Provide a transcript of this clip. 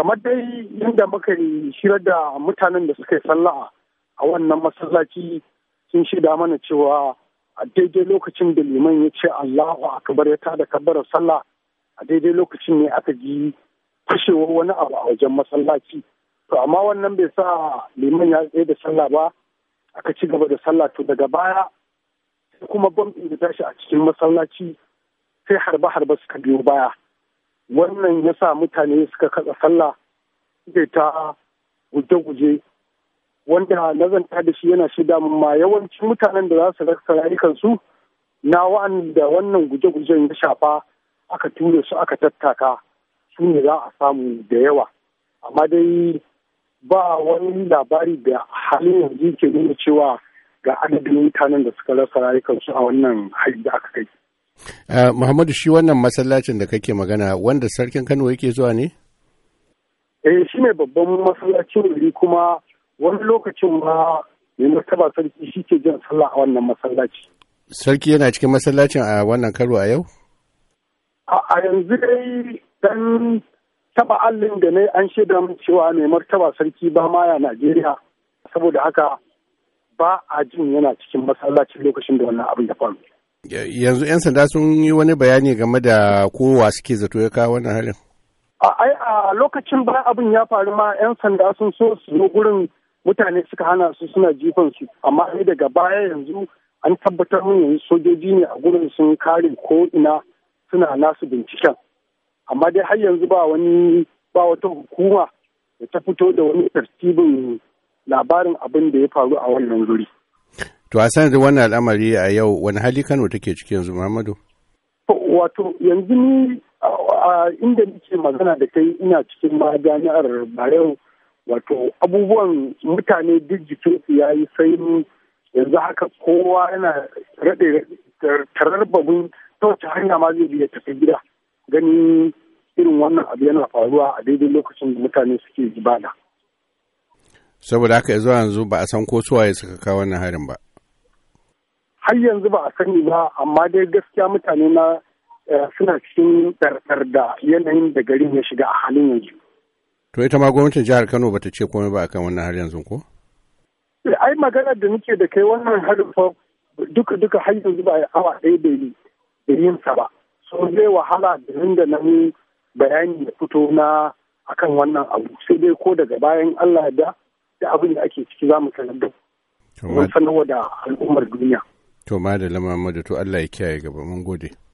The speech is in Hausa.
kamar dai yadda muka shirar da mutanen da suka yi sallah a wannan masallaci sun shida mana cewa a daidai lokacin da liman ya ce Allahu akbar ya tada kabbarar sallah a daidai lokacin ne aka ji fashewar wani abu a wajen masallaci to amma wannan bai sa liman ya tsaye da sallah ba aka ci gaba da sallah to daga baya kuma bambin da tashi a cikin masallaci sai harba harba suka biyo baya wannan ya sa mutane suka katsa sallah suke ta guje-guje wanda nazanta da shi yana shida ma yawancin mutanen da za su rasa rayukansu na wanda wannan guje-gujen ya shafa aka ture su aka tattaka su ne za a samu da yawa amma dai ba wani labari da halin yanzu ke nuna cewa ga adadin mutanen da suka rasa rayukansu a wannan hali da aka kai Eh, Muhammadu shi wannan masallacin da kake magana wanda sarkin Kano yake zuwa ne? Eh shi ne babban masallacin wuri kuma wani lokacin ma mai martaba sarki shi ke jin sallah a wannan masallaci. Sarki yana cikin masallacin a wannan karo a yau? A yanzu dai dan taba allin da ne an shaida min cewa mai martaba sarki ba ya Najeriya saboda haka ba a jin yana cikin masallacin lokacin da wannan abin ya faru. yanzu 'yan sanda sun yi wani bayani game da kowa suke zato ya kawo wannan halin ai a lokacin ba abin ya faru ma 'yan sanda sun so su zo gurin mutane suka hana su suna jifan su amma sai daga baya yanzu an tabbatar mun yanzu sojoji ne a gurin sun kare ko ina suna nasu binciken amma dai har yanzu ba wani ba wata hukuma da ta fito da wani tartibin labarin abin da ya faru a wannan guri. To a sanar da wannan al'amari a yau wani hali Kano take ciki yanzu Muhammadu? Wato yanzu ni inda nake magana da kai ina cikin majami'ar Bayero wato abubuwan mutane duk jikinsu ya yi sai yanzu haka kowa yana raɗe tararbabin ta wace hanya ma zai biya tafi gida gani irin wannan abu yana faruwa a daidai lokacin da mutane suke jibala. Saboda haka zuwa yanzu ba a san ko suwaye suka kawo wannan harin ba. har yanzu ba a sani ba amma dai gaskiya mutane na eh, suna cikin tsarkar da yanayin da garin ya shiga a halin yanzu. To ita ma gwamnatin jihar Kano bata ce komai ba akan wannan har yanzu ko? Eh, ai maganar da nake da kai wannan harin fa duka duka har yanzu ba awa ɗaya da yin sa ba. So zai wahala da da nan bayani ya fito na akan wannan abu sai dai ko daga bayan Allah da da abin da ake ciki za mu sanar da sanarwa da al'ummar duniya. To ma da lama to Allah ya kiyaye gaba mun gode.